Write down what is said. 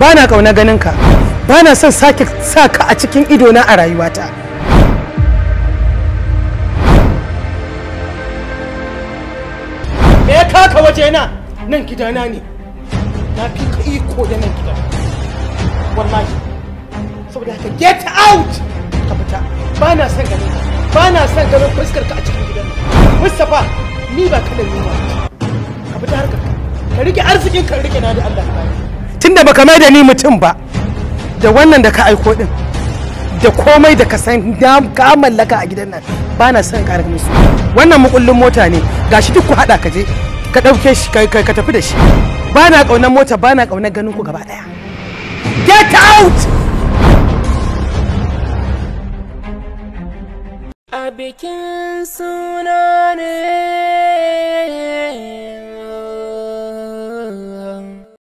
ba na ƙauna ganin ka ba na son sake sa ka a cikin idona a rayuwata me ya kaka waje na nan gidana ne na fi ka iko da nan gida wallahi saboda haka get out ka fita ba na son ganin ka ba na son ganin fuskar ka a cikin gidan Mustapha ni ba ne ba ka fita harkar ka ka rike arzikin ka rike na da Allah ka yi. tunda baka mai da ni mutum ba da wannan da ka aiko din da komai da ka san ka mallaka a gidan nan ba na son ƙarar musu wannan mukullin mota ne gashi duk ku haɗa ka je ka ɗauke shi ka tafi da shi ba na ƙaunar mota ba na ƙaunar ganin ku gaba ɗaya get out a bikin suna